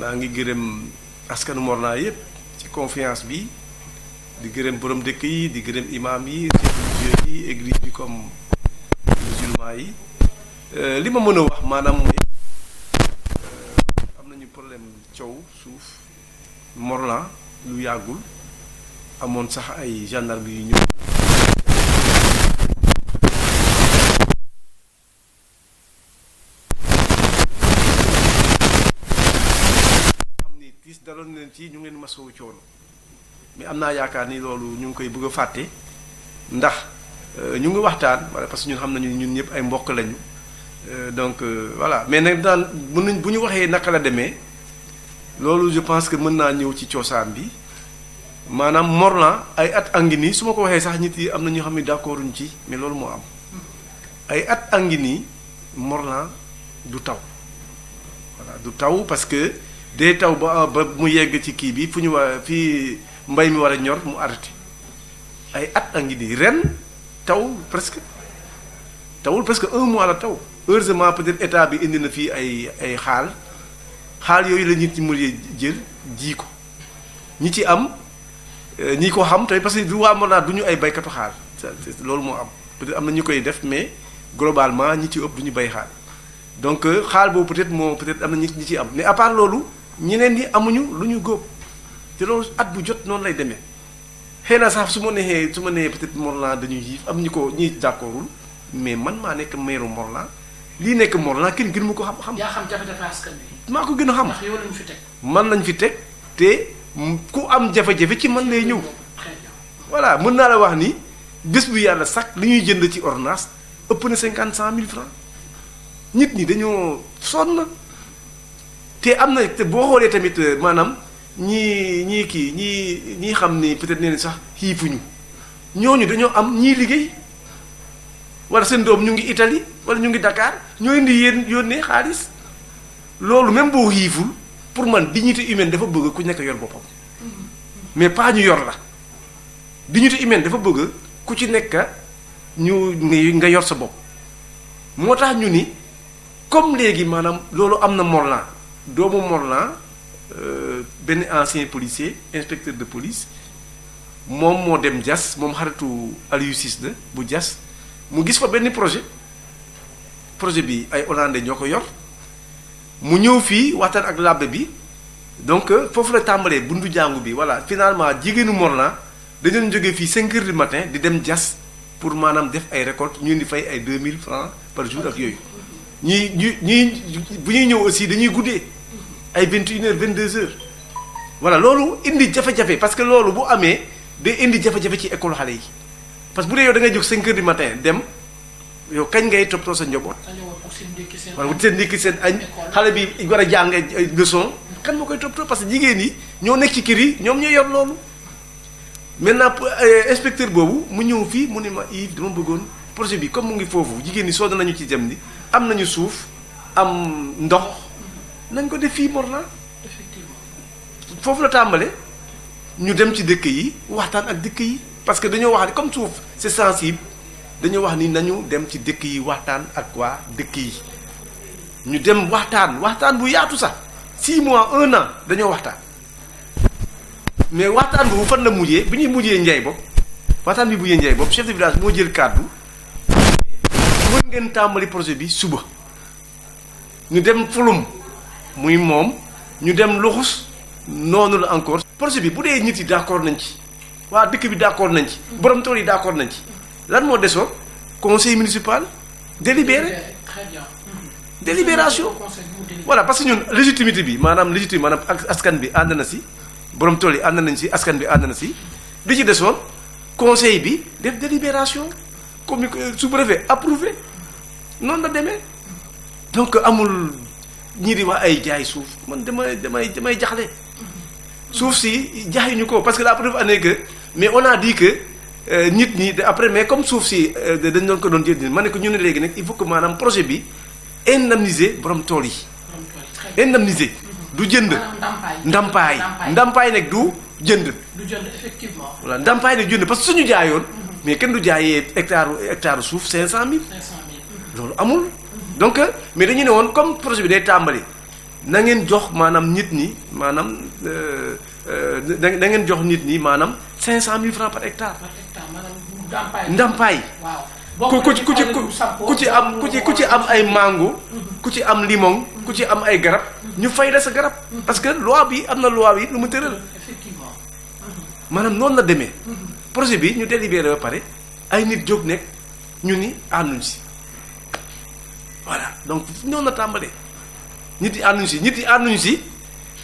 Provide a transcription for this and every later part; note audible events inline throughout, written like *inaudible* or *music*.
maa ngi gërëm askanu Morna yëpp ci confiance bi di gërëm borom dëkk yi di gërëm imam yi religieux yi église bi comme musulman yi euh, li ma mën a wax maanaam mooy euh, am nañu problème cow suuf Morna lu yàggul amoon sax ay gendarme yu ñëw tamit ci ñu ngeen masowu coono mais am naa yaakaar ni loolu ñu ngi koy bëgg a fàtte ndax euh, ñu ngi waxtaan wala parce que ñun xam nañu ñun ñëpp ay mbokk lañu euh, donc euh, voilà mais nag daal mën nañ bu ñu waxee naka la demee loolu je pense que mën naa ñëw ci coosaan bi maanaam Morlan ay at angi nii su ma ko waxee sax nit yi am na ñoo xam ne d'accorduñ ci mais loolu moo am ay at angi nii Morlan du taw du taw parce de taw ba mu yegg ci kii bi fu ñu waa fii mbay mi war a ñor mu arrêté ay at a ngi nii ren taw presque tawul presque un mois la taw heureusement peut être état bi indi na fii ay ay xaal xaal yooyu la nit ñi mujjee jël ji ko ñi ci am euh, ñi ko xam tay parce que du waa monaa du ñu ay baykatu xaal loolu moo am peut être am na ñu koy def mais globalement ñi ci ëpp duñu bay xaal donc euh, xaal boobu peut être moo peut être am na ñi ñi ci am mais à part loolu ñeneen ñi amuñu lu ñu góob te loolu at bu jot noonu lay demee xëy na sax su ma neexee su ma nee peut-être Morlan dañuy yiif am ñu ko ñi d'accordul mais man maa nekk meeru Morlan lii nekk Morlan kenn gën mu ko xam xam. yaa xam jafe-jafe askan bi maa ko gën a xam. ndax yow lañ fi teg. man lañ fi teg te ku am jafe-jafe ci man lay ñëw. voilà mën naa la wax ni bés bu yàlla sax li ñuy jënd ci ordonnance ëpp na cinquante cent mille francs nit ñi dañoo sonn. te am na te boo xoolee tamit euh, maanaam ñii ñii kii ñii ñii xam ni peut-être nee sax xiifuñu ñu dañoo am ñii liggéey wala seen doom ñu ngi Italie wala ñu ngi dakaar ñoo indi yéen yónnee xaalis loolu même boo xiiful pour man dignité humaine dafa bëgg ku nekk yor boppam mais pas ñu yor la dignité humaine dafa bëgg ku ci nekk ñu nga yor sa bopp moo tax ñu ni comme léegi maanaam loolu am na Morlan. doomu Morlan un euh, ancien policier inspecteur de police mon moo dem mon moom xaritu Aliou Ciss la bu Diass mu gis fa projet projet bi ay hollandais ñoko yor mu ñëw fi waxtaan ak labbe bi donc euh, foofu la tàmbalee bundu jàngu bi voilà finalement jigéenu Morlan dañu joggé fi 5 h du matin di dem jass pour manam def ay récolte ñu di fay ay 2000 francs par jour ak yooyu ni ni bu ñuy ñëw aussi dañuy guddee ay h heures vous loolu indi parce que loolu bu indi ci école yi parce que bu yow da du matin dem yow kañ ngay sa wala bi a jàng kan moo koy toppatoo parce que jigéen yi ñoo nekk ci kër yi ñoom loolu maintenant euh, inspecteur boobu mu ñëw fii mu ne ma Yves dama projet bi comme mu ngi foofu jigéen ñi sonn nañu ci jëm ni am nañu suuf am ndox nañ ko def fii Morlan effectivement foofu la tàmbale ñu dem ci dëkk yi waxtaan ak dëkk yi parce que dañoo wax ne comme suuf c'est sensible dañoo wax ni nañu dem ci dëkk yi waxtaan ak waa dëkk yi ñu dem waxtaan waxtaan bu yaatu sax six mois un an dañoo waxtaan mais waxtaan boobu fan la mujjee bi ñuy mujjee njaay bopp waxtaan bi mujjee njaay bopp chef de village moo jël kàddu mën ngeen tàmbali projet bi suba ñu dem fulum muy moom ñu dem luxus noonu la encore projet bi bu dee nit yi d'accord nañ ci waa dëkk bi d'accord nañ ci borom tool yi d'accord nañ ci lan moo desoon conseil municipal délibéré mm-hmm. délibération voilà parce que ñun légitimité bi maanaam légitimité maanaam askan bi ànd na si borom tool yi ànd nañ si askan bi ànd na si li ci desoon conseil bi def délibération sous brevet approuvé non donc amul ay jaay man si parce que la preuve que mais on a dit que euh, nit ni après mais comme souf si euh, dañ don ko don ko il faut que projet bi indemniser borom indemniser. du jënd du jënd. du jënd parce que suñu mm-hmm. mais kenn du jaayee hectare hectare souf 500000. 500000 amul. donc mais dañu ne woon comme projet bi day tambali na ngeen jox manam nit euh euh da ngeen jox nit ni manam 500000 francs par hectare. par hectare ndampay ndampay waaw ku ci ku ci ku ci am ku ci ku ci am ay mango. ku ci am limon. ku ci am ay garab. ñu fay la sa garab. parce que loi bi amna loi bi lu mu tëral. effectivement manam non la démé projet bi ñu délibéré ba pare ay nit jóg nekk ñu ni ànduñ si voilà donc ñoo na tàmbalee nit yi ànduñ si nit yi ànduñ si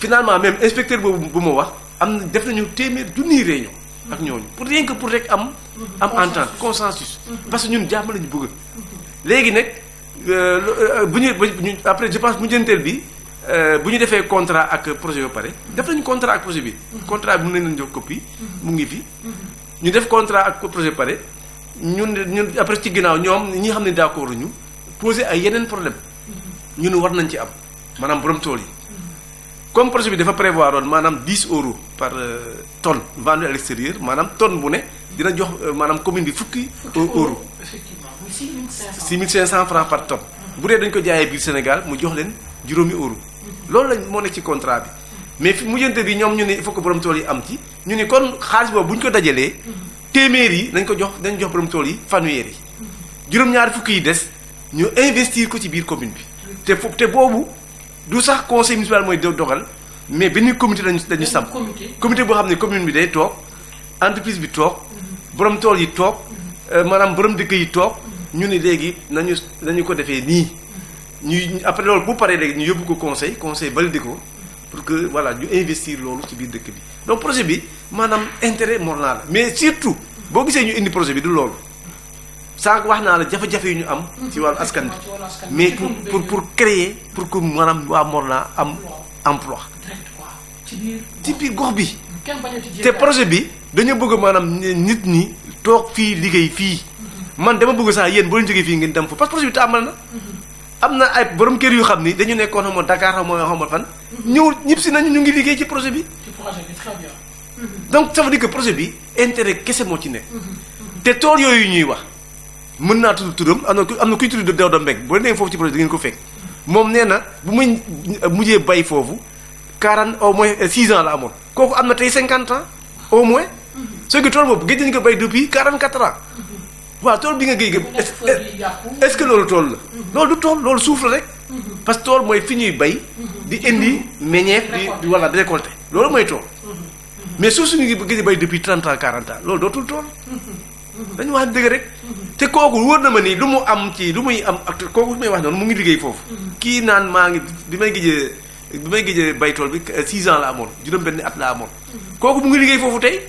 finalement même inspecteur boobu bu ma wax am na def nañu téeméer junniy réunion ak ñooñu pour rien que pour rek am. am entente consensus. Mm-hmm. parce que ñun jàmm lañu bëgg. léegi nag euh, euh, bu ñu ñu après je pense bu njënteel bi euh, bu ñu defee contrat ak projet ba pare. def nañu contrat ak projet bi. Mm-hmm. contrat bi mën nañu jox copie. Mm-hmm. mu ngi fi. ñu def contrat ak projet pare ñun ñun après ci ginnaaw ñoom ñi xam ne d'accord ñu poser ay yeneen problème ñu ne war nañ ci am maanaam borom tool yi comme projet bi dafa prévoir on maanaam dix euros par euh, ton vendue à l'extérieur maanaam tonne bu ne dina jox euh, maanaam commune bi fukki euros six mille cinq cent francs par tonne bu dee dañ ko jaayee biir Sénégal mu jox leen juróomi euros mm-hmm. loolu lañ moo nekk ci contrat bi mais mujjante bi ñoom ñu ne il faut que borom tool yi am ci ñu ni kon xaalis boobu ko dajalee téeméer yi nañ ko jox dañ jox borom tool yi fanweer yi juróom-ñaari yi des ñu investir ko ci biir commune bi te te boobu du sax conseil municipal mais benn comité lañu dañu sam comité boo xam commune bi entreprise bi toog borom tool yi toog euh, maanaam borom dëkk yi toog ñu ni ko après loolu bu paree léegi ñu ko conseil conseil des pour que voilà ñu investir lolu ci biir dëkk bi donc projet bi manam intérêt moral la mais surtout bo gisee ñu indi projet bi du lolu sànq wax na la jafé jafé yu ñu am. ci wal askan bi mais pour pour pour créer pour que manam wa Morna am emploi ci biir gox bi. té projet bi dañu bëgg manam nit ñi tok fi liggéey fi man dama bëgg sax yeen bo leen jógee fi ngeen dem fa parce que projet bi tàmbali na amna ay borom kër yu xamni dañu nekkoon mo Dakar mo nga fan. ñëw ñëpp si nañu ñu ngi liggéey ci projet bi. Mhm. donc ça veut dire que projet bi intérêt kese mo ci nekk. Mhm. Mhm. té tor yoyu ñuy wax mën naa tudd turum amna na ku am na kuy tudd Daouda Mbengue boo nee foofu ci projet da ngeen ko fekk. mom néna bu muy mujjee bay fofu 40 au moins 6 euh, ans la amoon kooku amna tay 50 ans au moins. ce ko tool boobu géej nañu ko bay depuis 44 ans. waaw tool bi nga géy est ce que loolu tool la loolu du tool loolu suuf la rek parce que tool mooy fi ñuy bay di indi meññeef di di wala di récolter loolu mooy tool mais suuf suñu ngi gëj bay depuis 30 ans 40 ans loolu dootul tool dañu wax dëgg rek te kooku wóor na ma ni lu mu am ci lu muy am ak kooku may wax noonu mu ngi liggéey foofu kii naan maa ngi bi may gijee bi may gijee bay tool bi 6 euh, ans la amoon juróom benn at la amoon kooku mu ngi liggéey foofu tey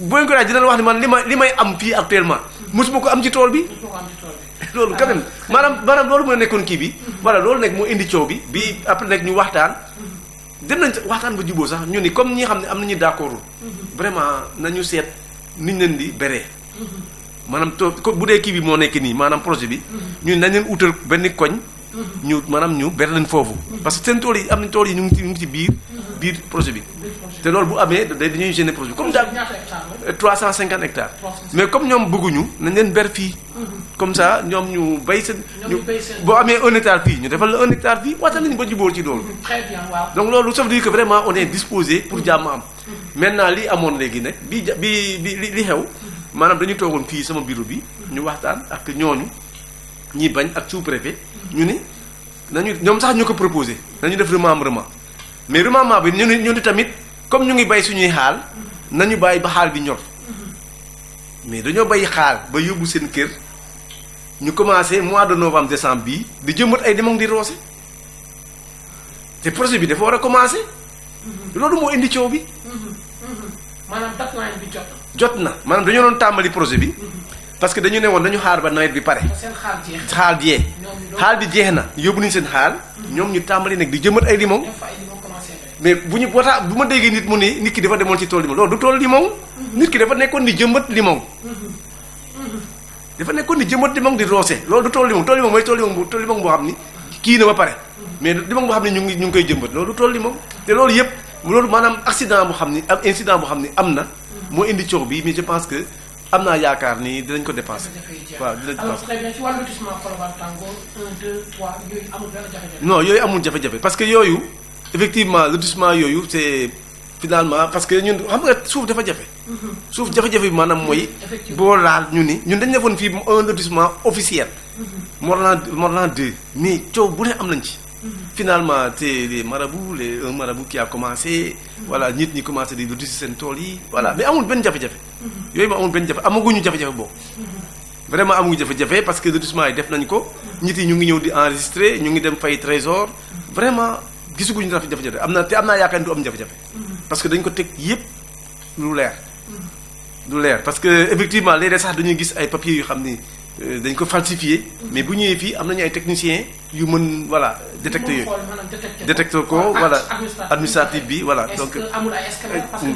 booñ ko laaj dina wax ni man li ma li may am fii actuellement mosuma ko am ci tool bi. ko am ci tool bi. *laughs* loolu quand maanaam maanaam loolu moo nekkoon kii bi. voilà loolu nekk moo indi coow bi bi après nag ñu waxtaan. Mm-hmm. dem nañ waxtaan ba juboo sax ñu ni comme ñi xam ne am nañu d'accord mm-hmm. vraiment ñu seet niñ leen di beree. Mm-hmm. maanaam to bu dee kii bi moo nekk nii maanaam projet bi. ñu nañ leen utal benn koñ. ñu maanaam ñu ber leen foofu. parce que seen tool yi am nañ tool yi ñu ngi ci ñu ngi ci biir. biir projet bi. te loolu bu amee dañuy génne projet bi comme daal. 350 hectares mais comme ñom bëgguñu nañ leen ber fi mhm. comme ça ñom ñu bay seen bo amé 1 hectare fi ñu défal 1 hectare fi watal lañ ba jibor ci dool donc lolu ça veut dire que vraiment on est disposé pour jamm am mhm. maintenant li amone légui nak bi bi li xew manam mhm. dañu togon fi sama bureau bi ñu waxtaan ak ñooñu ñi bañ ak sous préfet ñu ni nañu ñom sax ñuko proposer nañu def remembrement mais remembrement bi ñu ñu tamit comme ñu ngi bay suñuy xaal nañu bàyyi ba xaal bi ñor mais dañoo bàyyi xaal ba yóbbu seen kër ñu commencé mois de novembre décembre bi di jëmbat ay demam di roose te projet bi dafa war a commencé loolu moo indi coow bi maanaam deadline bi jot na jot na maanaam dañoo doon tàmbali projet bi parce que dañu ne woon nañu xaar ba nawet bi pare xaal jeex xaal bi jeex na yóbbu nañu seen xaal mm-hmm. ñoom ñu tàmbali nag di jëmbat ay limon mais bu ñu boo tax bu ma déggee nit mu ni nit ki dafa demoon ci tool limon loolu du tool limon mhm. nit ki dafa nekkoon ni jëmbat limon mhm. dafa nekkoon ni jëmbat limon di roose loolu du tool limon tool limon mooy tool limon tool limon boo xam ni kii na xam ne ñu ngi ñu ngi koy jëmbat loolu du tool limon te loolu yëpp loolu maanaam accident bu xam ni ak incident bu xam ni am na mhm. moo indi coow bi mais je pense que am naa yaakaar ni dinañ ko dépasser. waaw dinañ ko dépasser non yooyu amul jafe-jafe parce que yooyu effectivement lotissement yooyu c' est finalement parce que ñun xam nga suuf dafa jafe. Mhm. suuf jafe-jafe bi maanaam mooy. boo laal ñu ni ñun dañ defoon fii un lotissement officiel. Morlan Morlan de mais coow bu ne am nañ ci. Mhm. finalement c' est les marabouts les un marabout qui a commencé. Mhm. voilà nit ñi commencé di lotissi seen tool yi voilà mais amul benn jafe-jafe. yooyu ma amul benn jafe amaguñu jafe-jafe boobu. vraiment amuñu jafe-jafe parce que lotissement yi def nañ ko. nit yi ñu ngi ñëw di enregistrer ñu ngi dem fay trésor. vraiment. gisuguñu dina fi jafé jafe am na te yaakaar du am jafé jafé mm-hmm. parce que dañ ko tek yépp lu leer du mm-hmm. leer parce que effectivement léeg sax dañuy gis ay papier yu xam ni Euh, dañ ko falsifié mais bu ñëwee fii am nañu ay techniciens yu mën voilà détecté yooyu détecté ko ah, voilà ah, administratif bi voilà donc euh,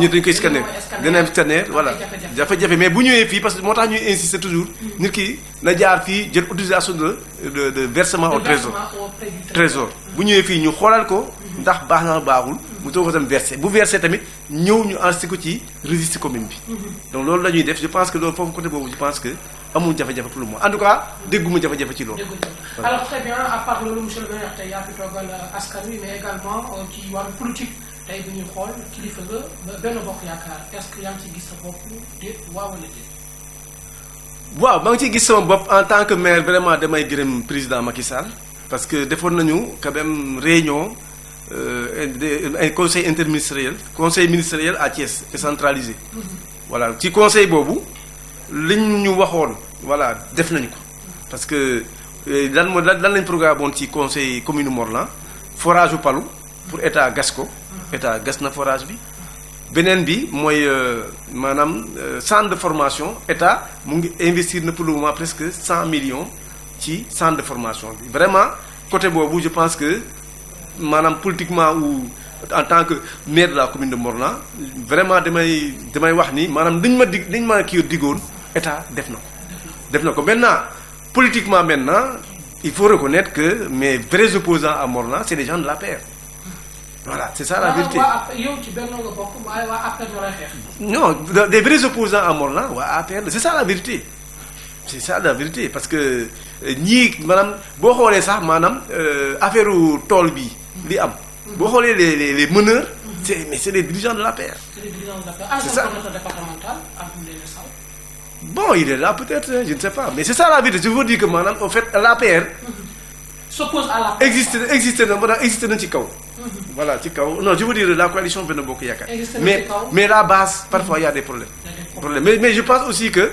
ñu dañ koy scanner gën a am scanner voilà jafe-jafe mais bu ñëwee fii parce que moo tax ñuy insister toujours hmm. nit ki na jaar fii jël autorisation de de versement au trésor trésor bu ñëwee fii ñu xoolal ko hmm. ndax baax na baaxul hmm. mu toog ko tam versé bu versé tamit ñëw ñu enregistré ko ci registre commune bi donc loolu la ñuy def je pense que loolu foofu côté boobu je pense que amul jafe-jafe pour le en tout cas dégguma jafe-jafe ci loolu. alors très bien à part loolu monsieur le maire tey yaa fi toogal askan wi mais également euh, ci wàllu politique tay bu ñuy xol kilifa nga ba benn bokk yakar est-ce que yang ci ciy gis sa bopp déet waaw wala déet. waaw maa ngi ciy gis sama bopp en tant que maire vraiment damay gërëm président Macky Sall parce que defoon nañu quand même réunion euh, un conseil interministériel conseil ministériel à Thiès décentralisé. Mm-hmm. voilà ci conseil boobu liñ ñu waxoon voilà def nañu ko parce que euh, lan mooy lan lañ programme woon ci conseil commune Morlan forage bu Palu pour état gasco état gas na forage bi beneen bi mooy euh, maanaam euh, centre de formation état mu investir na pour le moment presque 100 millions ci centre de formation bi vraiment côté boobu je pense que maanaam politiquement ou en tant que maire de la commune de Morlan vraiment damay damay wax ni maanaam liñ ma dig liñ ma kii digoon état def na maintenant politiquement maintenant il faut reconnaître que mes vrais opposants à Morlan, c'est les gens de la paix voilà c'est ça la vérité non des vrais opposants à Morna c'est ça la vérité c'est ça la vérité parce que ni euh, Madame boo xoolee ça maanaam euh, affaire tool bi li am boo xoolee les les les meneurs c'est mais c'est les dirigeants de la paix c'est ah, ça bon il est là peut-être hein, je ne sais pas mais c'est ça la vie, je vous dis que maintenant, en fait l'APR. s'oppose à la, existe existe dans existe mhm. voilà Tikao, non je vous dis la coalition Benno mais mais la base parfois il y a des problèmes. mais je pense aussi que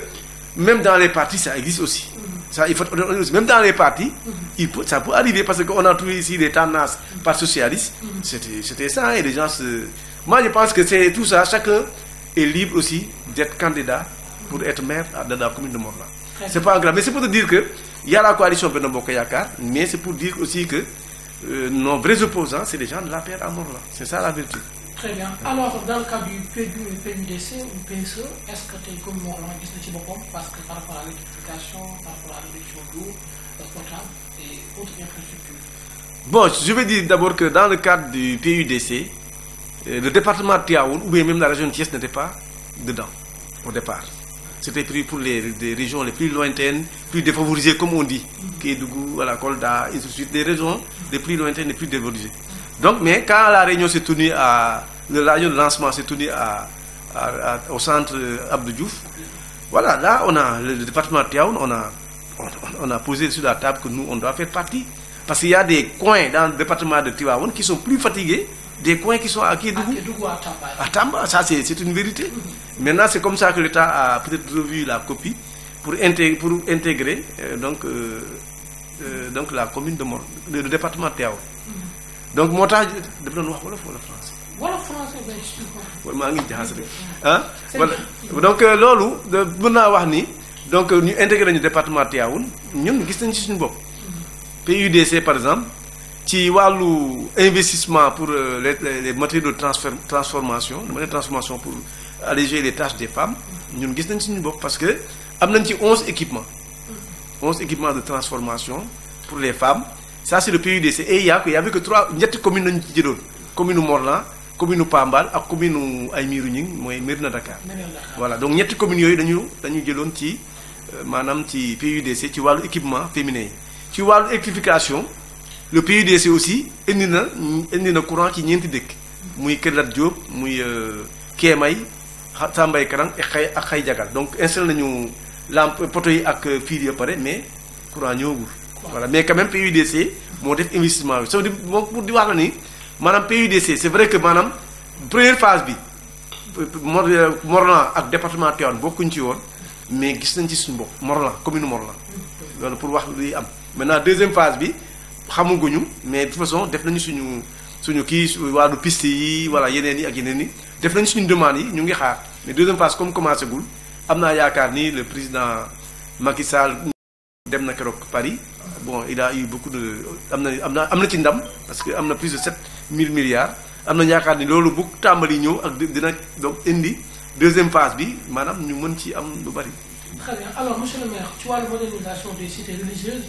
même dans les partis ça existe aussi. Mhm. ça il faut même dans les partis. Mhm. ça peut arriver parce qu'on a trouvé ici des tendances par socialistes. c'était c'était ça hein, et les gens se moi je pense que c'est tout ça chacun est libre aussi d'être candidat pour être maire de la commune de Ce C'est pas grave. Mais c'est pour te dire que il y a la coalition Benobokayaka, mais c'est pour dire aussi que euh, nos vrais opposants, c'est les gens de la paix à Morla. C'est ça la vérité. Très bien. Alors, dans le cas du PDU et PUDC ou PSE, est-ce que tu es comme Morlan qui Parce que par rapport à l'électrification, par rapport à l'élection d'eau, potable et autres infrastructures Bon, je vais dire d'abord que dans le cadre du PUDC, euh, le département de Tiaoun, ou bien même la région de Thiès, n'était pas dedans au départ. C'était pris pour les, régions les plus lointaines, plus défavorisées, comme on dit. Kédougou, voilà, Kolda, et tout de suite, des régions les plus lointaines, les plus défavorisées. Donc, mais quand la réunion s'est tenue à. le de lancement s'est tournée à, au centre euh, Abdou Diouf, voilà, là, on a le département de Tiaoun, on a, on, a posé sur la table que nous, on doit faire partie. Parce qu'il y a des coins dans le département de Tiaoun qui sont plus fatigués des coins qui sont acquis ça c'est une vérité. Mhm. Maintenant, c'est comme ça que l'État a peut-être revu la copie pour intégrer, euh, donc, euh, euh, donc la commune de le, département de mhm. Donc, mon temps, ben, je vais hein? donc Lolo, donc le département Taoun, nous nous PUDC par exemple ci walu investissement pour euh, les les matériaux de transformation de transformation pour alléger les tâches des femmes ñun gis nañ suñu bop parce que am nañ ci équipements 11 équipements de transformation pour les femmes ça c'est le PUDC et il y a que y avait que trois communes nañu ci jëdoon commune Morlan commune Pambal ak commune ay ñing mooy Dakar voilà donc il communes yoy dañu dañu qui ci euh, manam ci PUDC ci vois l'équipement féminin tu ci walu le PUDC aussi indi na indi na courant qui ñenti dëkk muy Kër job, Diop muy euh, Kéemay Sambay Karang ak xay ak xay jagal donc installé nañu lampe poto yi ak fil yi mais courant ñogul voilà mais quand même PUDC mo def investissement so di pour di wax ni manam PUDC c'est vrai que manam première phase bi Morlan ak département Tivaouane bokkuñ ci won mais gis nañ ci suñu bopp Morlan commune Morlan mm-hmm. lolu pour wax li am maintenant deuxième phase bi xamuguñu mais de toute façon def nañu suñu suñu kii wàllu piste yi wala yeneen yi ak yeneen yi def nañu suñu demande yi ñu ngi xaar mais deuxième phase comme commencé gul am naa yaakaar ni le président Macky Sall dem na keroog Paris bon il a eu beaucoup de am na am na am na ci ndam parce que am na plus de sept mille milliards am na yaakaar ni loolu bu tàmbali ñëw ak dina donc indi deuxième phase bi maanaam ñu mën ci am lu bari. très bien alors monsieur le maire ci wàllu modernisation des cités religieuses.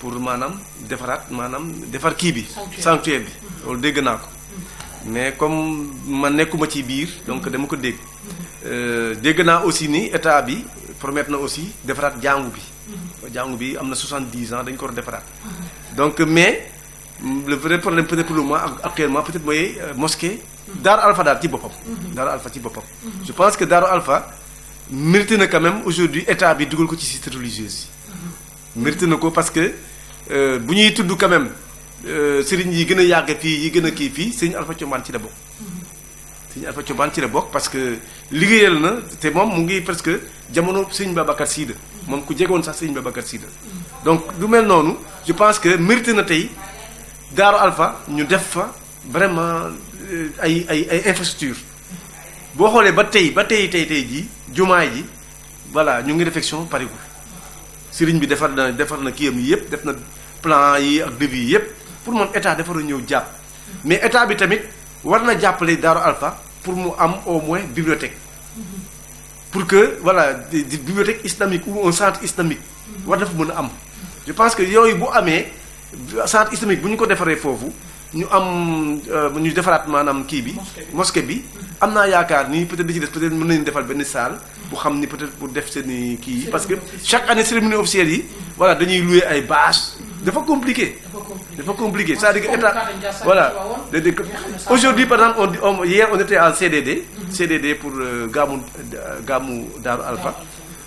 pour maanaam defaraat maanaam defar kii bi sanctuaire bi loolu dégg naa ko mais comme man nekkuma ci biir donc dama ko dégg euh, dégg naa aussi ni état bi promettre na aussi defaraat jàngu bi jàngu bi am na ans dañ ko defaraat donc mais le vrai problème peut-être pour le moment actuellement peut-être mooy euh, mosquée d'ar Alpha daal ci boppam Daaru Alpha ci boppam je pense que d'ar Alpha mérite na quand même aujourd'hui état bi dugal ko ci site religieuse yi mérite na ko parce que si euh, ñuy tudd quand même euh, sëriñ yi a yàgg fii yi gën a Alpha ci la bokk. Mhm. Alpha ci parce que liggéeyal na te moom mu ngi presque jamono sëriñ Babacar mhm. ku mhm. donc du je pense que nous na tey Alpha vraiment euh, infrastructure Si on ba tey ba tey tey tey jii réflexion Serigne bi defar na defar na kiyam yi def na plan yi ak devis yi pour mon état defaru ñew j'app. mais état bi tamit war na jàppale daru Alpha pour mu am au moins bibliothèque pour que voilà des, bibliothèques bibliothèque islamique ou un centre islamique war na fa mën am je pense que yoy bu amé centre islamique buñ ko pour vous ñu am euh, ñu defaraat manam ki bi mosquée bi amna yaakar ni peut-être di ci des peut-être mëna ñu defal benn salle bu savoir peut-être pour def seen qui. parce que chaque année cérémonie officielle yi voilà dañuy louer ay bâche dafa compliqué dafa compliqué cest ça dire que état voilà aujourd'hui par exemple on hier on était en CDD CDD mhm. pour euh, Gamou Gamou Dar Alpha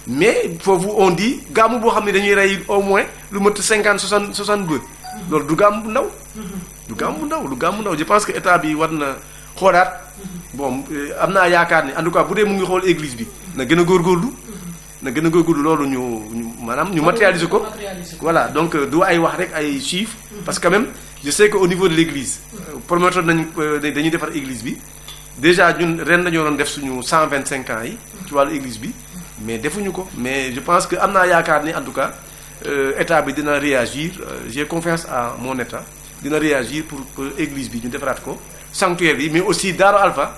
mais vous on dit Gamou, pour savoir, ne dañuy rey au moins lu mat 50 60 soixante bër mhm. du Gamou bu mhm. ndaw du Gamou ndaw du Gamou ndaw je pense que état bi warna na bon euh, amna yakarne en tout cas boudé dee mu ngi xool église bi na gën a góorgóorlu na gën a góorgóorlu loolu ñu maanaam ñu matérialiser ko voilà donc euh, du ay wax rek ay chiffres mhm. parce que quand même je sais que au niveau de l'église église euh, promettre nañ euh, dañuy defar église bi déjà ñun ren nañoo doon def suñu 125 ans yi ci wàllu église bi mais defuñu ko mais je pense que am naa yaakaar ni en tout cas état bi dina réagir j'ai confiance à mon état dina réagir pour église bi ñu defaraat ko sanctuaire bi mais aussi Daara Alpha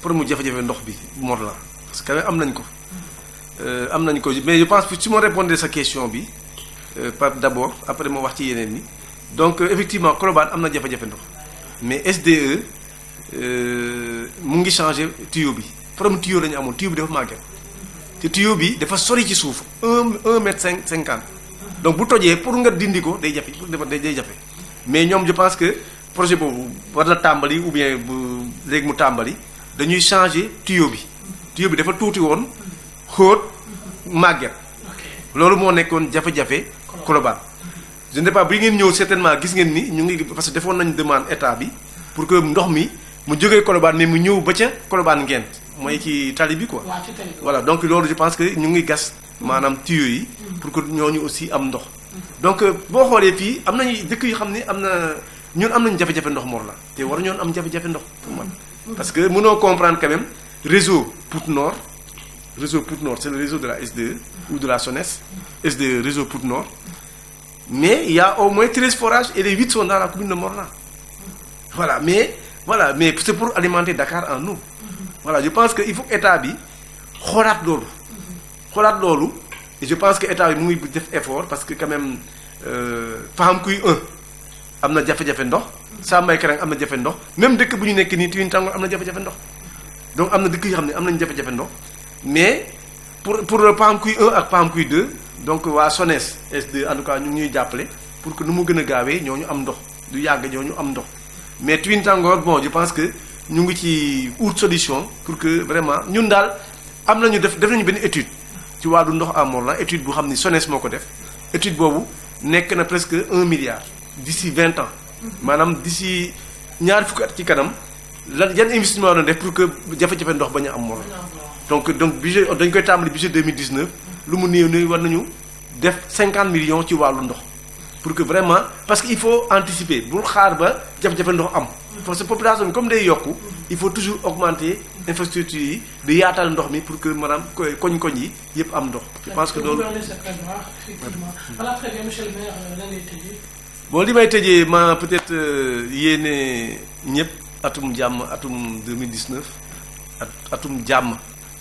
pour mu jafe-jafe ndox bi Mont la parce que am nañ ko. Euh, am nañ ko mais je pense que su ma répondre sa question bi euh, Pape d' abord après ma wax ci yeneen ni donc euh, effectivement Colobane am na jafe-jafe ndox mais SDE mu ngi changé tuyau bi problème tuyau la ñu amoon tuyau bi dafa màgget te tuyau bi dafa sori ci suuf un un mètre cinq cinquante donc bu tojee pour nga dindi ko day jafe pour day jafe mais ñoom je pense que projet boobu war la tàmbali ou bien bu léegi mu tàmbali dañuy changer tuyau bi tuyau bi dafa tuuti woon xóot màgget loolu moo nekkoon jafe-jafe Colobane je ne pas bi ngeen ñëw certainement gis ngeen ni ñu ngi parce que defoon nañ demande état bi pour que ndox mi mu jógee Colobane mais mu ñëw ba ca Colobane ngeen mooy ci tali bi quoi voilà donc loolu je pense que ñu ngi gas maanaam tuyau yi pour que ñooñu aussi am ndox donc euh, boo xoolee fii am nañu dëkk yi xam ne am na ñun am nañu jafe-jafe ndox Mont Rolland te waruñoon am jafe-jafe ndox pour man parce que nous comprendre quand même, réseau Pout Nord, réseau Pout Nord, c'est le réseau de la SDE ou de la SONES, SDE, réseau Pout Nord. Mais il y a au moins 13 forages et les 8 sont dans la commune de Morla Voilà, mais, voilà, mais c'est pour alimenter Dakar en eau. Voilà, je pense qu'il faut établir l'État et je pense que état nous nous faire effort parce que quand même faham euh, faut un am na jafe Samba Karang am na jafe ndox même dëkk bu ñu nekk nii Tiwin Tàngoor am na jafe-jafe ndox donc am na dëkk yi xam ne am nañu jafe-jafe ndox mais pour pour le PAM PAMCUI 1 ak PAM PAMCUI 2 donc waa SONES S2 en tout cas ñu ngi ñuy jàppale pour que nu mu gën a gaawee ñu am ndox du yàgg ñu am ndox mais Tiwin Tàngoor bon je pense que ñu ngi ci wut solution pour que vraiment ñun daal am nañu def def nañu benn étude ci wàllu ndox à Morlan étude bu xam ni SONES moo ko def étude boobu nekk na presque 1 milliard d'ici 20 ans maanaam d'ici ñaar fukki at ci kanam lan yan investissement doon def pour que jafe-jafe ndox bañ a am morom donc donc budget dañ koy tàmbali budget 2019 lu mu néew ne war nañu def 50 millions ci wàllu ndox pour que vraiment parce que il faut anticiper bul xaar ba jafe-jafe ndox am parce que population comme day yokku il faut toujours augmenter infrastructure yi di yaatal ndox mi pour que maanaam koñ-koñ yi yëpp am ndox je pense que loolu voilà très bien monsieur le maire euh, bon li may ma peut-être euh, yéné ñep atum jam atum 2019 à atum jam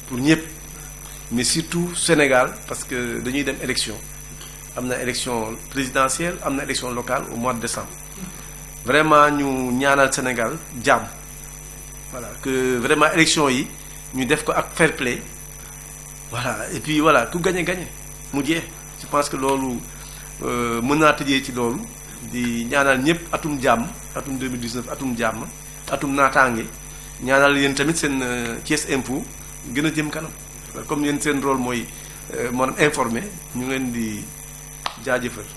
pour ñep mais surtout Sénégal parce que dañuy dem élection élections élection présidentielle amna élection locale au mois de décembre vraiment ñu ñaanal Sénégal jam voilà que vraiment élection yi ñu def ko ak fair play voilà et puis voilà tout gagne, gagner mu je pense que lolu euh naa tëjee ci lolu di ñaanal ñëpp atum jàmm atum 2019 atum jàmm atum naataange ñaanal yéen tamit seen euh, Thiès Info gën a jëm kanam comme yéen seen rôle mooy euh, maanaam informé ñu ngeen di jaajëfal.